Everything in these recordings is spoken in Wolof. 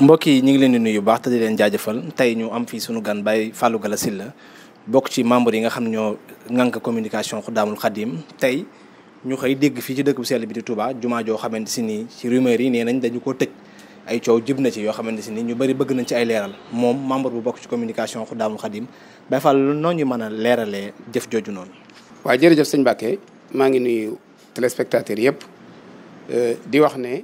mbokk yi ñu ngi leen di nuyu baax te leen jaajëfal tey ñu am fii sunu gan Baye Fallou Gala Sylla bokk ci membre yi nga xam ñoo ŋànk communication daamul Xadim tey ñu xëy dégg fii ci dëkk bu sell bi di Touba jumaa joo xamante si nii ci rumeur yi nee nañ dañu ko tëj ay coow jib na ci yoo xamante si nii ñu bëri bëgg nañ ci ay leeral moom membre bu bokk ci communication Xuddaamul Xadim Baye Fallou noo ñu mën a leeralee jëf jooju noonu. waaw jërëjëf téléspectateurs yëpp euh, di wax ne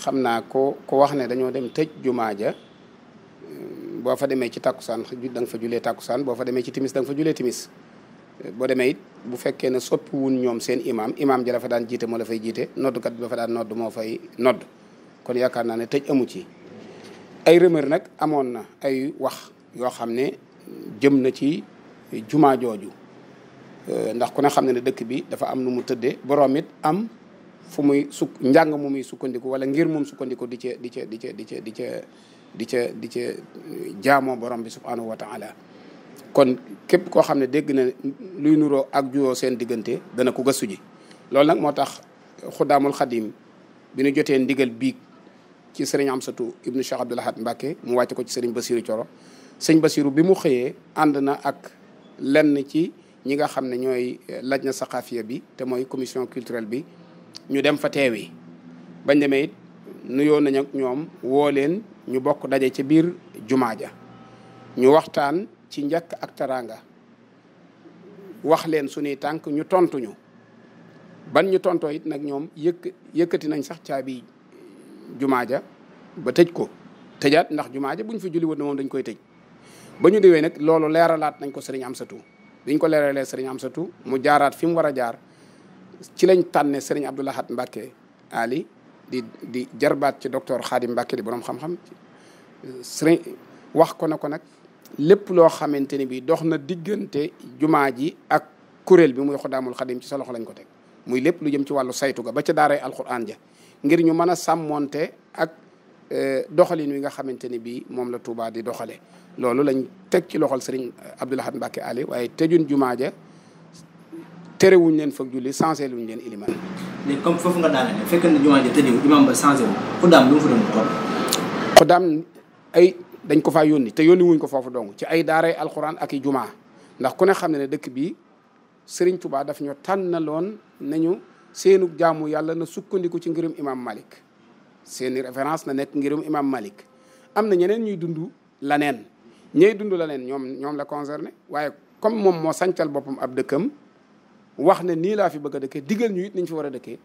xam naa ko ko wax ne dañoo dem tëj jumaa ja euh, boo fa demee ci tàkkusaan da nga fa julee tàkkusaan boo fa demee ci timis da nga fa julee timis euh, boo demee bu fekkee ne soppi wun ñoom seen imaam imaam ja la fa daan jiite moo la fay jiite noddkat bi la fa daan nodd moo fay nodd kon yaakaar naa ne tëj amu ci ay rumeur nag amoon na ay wax yoo xam ne jëm na ci jumaa jooju Euh, ndax ku ne xam ne ne dëkk bi dafa am nu mu tëddee borom it am fu muy suk njàng mu muy sukkandiku wala ngir moom sukkandiku di ca di ca di ca di ca di ca di ca di ca euh, jaamoo borom bi subhanahu wa taala kon képp koo xam ne dégg na luy nuroo ak juwoo seen diggante dana ko gëstu ji loolu nag moo tax xuddaamul xadim bi ñu jotee ndigal biig ci sëriñ Amsatu ibnu Cheikh Abdoul Ahad Mbacke mu wàcce ko ci sëriñ Basiru Coro sëñ Basiru bi mu xëyee ànd na ak lenn ci ñi nga xam ne ñooy eh, laaj na saqaafiya bi te mooy commission culturelle bi ñu dem fa teewi bañ demee it nuyoo nañ ak ñoom woo leen ñu bokk daje ca biir jumaa ja ñu waxtaan ci njëkk ak teraanga wax leen suñuy tànk ñu tontuñu ban ñu tontoo it nag ñoom yëkk yëkkati nañ sax caabi jumaa ja ba tëj ko tëjaat ndax jumaa ja buñ fi julli woon moom dañ koy tëj ba ñu diwee nag loolu leeralaat nañ ko sëriñ Amsatu biñ ko leere leeralee sëriñ Amsatu mu jaaraat fi mu war a jaar ci lañ tànne sëriñ Abdou Lahad Mbacke Ali di jarbaat ci docteur Khadim Mbacke di borom xam-xam sëriñ wax ko na ko nag lépp loo xamante ni bii dox na diggante jumaa ji ak kuréel bi muy Xudaamul Xadim ci sa loxo lañ ko teg muy lépp lu jëm ci wàllu saytu ga ba ca daaray alquran ja ngir ñu mën a ak Euh, doxaliin wi nga xamante ni bii moom la Touba di doxale loolu lañ teg ci loxol sëriñ Abdoul Ahad Mbacké Ali waaye tëjun jumaa ja terewuñ leen foog julli sensé luñ leen iliman léegi comme foofu nga daanaka bu fekkee ne jumaa ja tëjee imam ba sensé wu xuddaam lu mu fa doon toll. ko faa te yónni ko foofu dong ci ay daara alxuraan ak i jumaa ndax ku ne xam ne ne dëkk bi sëriñ Touba daf ñu loon nañu seenug jaamu yàlla na sukkandiku ci ngirum imam Malik. seeni référence na nekk ngirum imam Malik am na ñeneen ñuy dundu dund laneen ñey dund laneen ñoom ñoom la concerné waaye comme moom moo sancal boppam ab dëkkam wax ne nii laa fi bëgg a dëkkee digal ñu it nañ fi war a dëkkee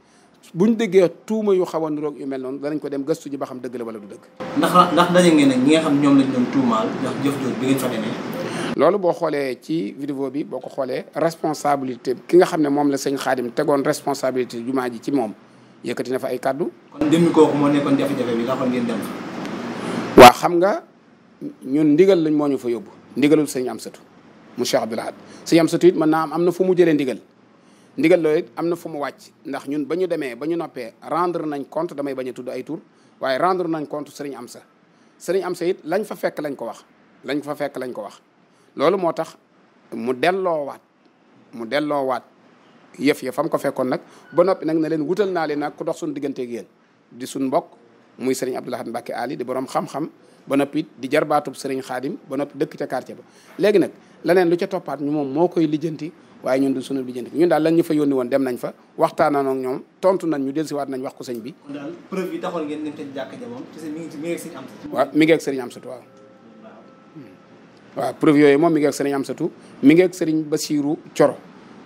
buñ déggee tuuma yu xaw a niroog yu mel noonu danañ ko dem gëstu ji ba xam dëgg la wala du dëkk ndax ndax daje ngeen ak ñi nga xam ñoom lañ doon tuumaal ndax jëf jooju bi ngeen fa demee. loolu boo xoolee ci vidéo bi boo ko xoolee responsabilité ki nga xam ne moom la sëñ Xaadim tegoon responsabilité jumaa ji ci moom yëkkati na fa ay kàddu. kon dem kooku moo nekkoon jafe-jafe xam nga ñun ndigal lañ moo ñu fa yóbbu ndigalul sëñ Amsatu mu Cheikh Abdoul Ahad sëñ Amsatu it mën naa am am na fu mu jëlee ndigal ndigal loolu am na fu mu wàcc ndax ñun ba ñu demee ba ñu noppee rendre nañ compte damay bañ a tudd ay tur waaye rendre nañ compte sëriñ Amsa sëriñ Amsa it lañ fa fekk lañ ko wax lañ fa fekk lañ ko wax loolu moo tax mu delloowaat mu delloowaat yëf ya fam ko fekkoon nag ba noppi nag ne leen wutal naa leen nag ku dox suñu digganteeg yéen di suñ mbokk muy sëriñ Abdou Lahad Mbacke Ali di borom xam-xam ba noppi di jarbaatub sëriñ Xaadim ba noppi dëkk ca quartier ba léegi nag leneen lu ca toppaat ñu moom moo koy lijjanti waaye ñun du sunu lijjanti ñun daal lan ñu fa yónni woon dem nañ fa waxtaanaan ak ñoom tontu nañ ñu dellusiwaat nañ wax ko sëñ bi. kon daal preuve yi taxoon ngeen dem ca jàkka ja moom mi ngi sëriñ am waaw mi ngi ak sëriñ Amsatu waaw. Hmm. waaw sëriñ Basiiru Coro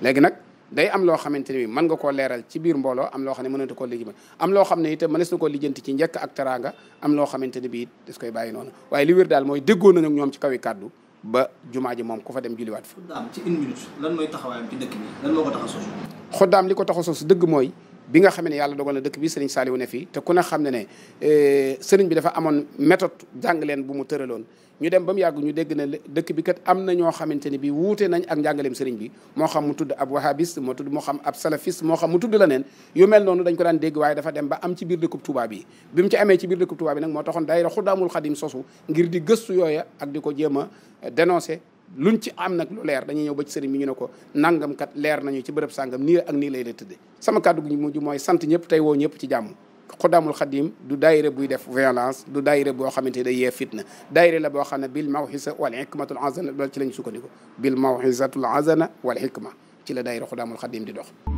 léegi nag day am loo xamante ne bi mën nga koo leeral ci biir mbooloo am loo xam ne mënatu koo lijjanti am loo xam ne itam mënees na koo lijjanti ci njëkk ak teraanga am loo xamante ne bi des koy bàyyi noonu waaye li wér daal mooy déggoo nañu ak ñoom ci kaw yi kàddu ba jumaa ji moom ku fa dem julliwaat fa. xuddaam ci une minute lan mooy li ko tax a sos dëgg mooy bi nga xamee ne yàlla dogal na dëkk bi sëriñ Saliou ne fii te ku ne xam ne ne eh, sëriñ bi dafa amoon méthode jàng leen bu mu tëraloon ñu dem ba mu yàgg ñu dégg na dëkk bi kat am na ñoo xamante ni bi wuute nañ ak njàngaleem sëriñ bi moo xam mu tudd ab wahabiste moo tudd moo xam ab salafiste moo xam mu tudd leneen yu mel noonu dañ ko daan dégg waaye dafa dem ba am ci biir dëkkub Tuubaa bi bi mu ci amee ci biir dëkkub Tuubaa bi nag moo taxoon daayira Xudaamul Xadim sosu ngir di gëstu yooya ak di ko jéem a eh, dénoncer luñ ci am nag lu leer dañuy ñëw ba ci sëriñ bi ñu ne ko nangam kat leer nañu ci bërëb sàngam nii ak nii lay la tëdde sama kàddu gu mujj mooy sant ñëpp tey woo ñëpp ci jàmm xudaamul xadim du daayire buy def violence du daayire boo xamante ne day yee fitna daayire la boo xam ne bil mawxisa wal xikmatul azana ci lañ sukkandiku bil mawxisatul azana wal xikma ci la daayire xudaamul xadim di dox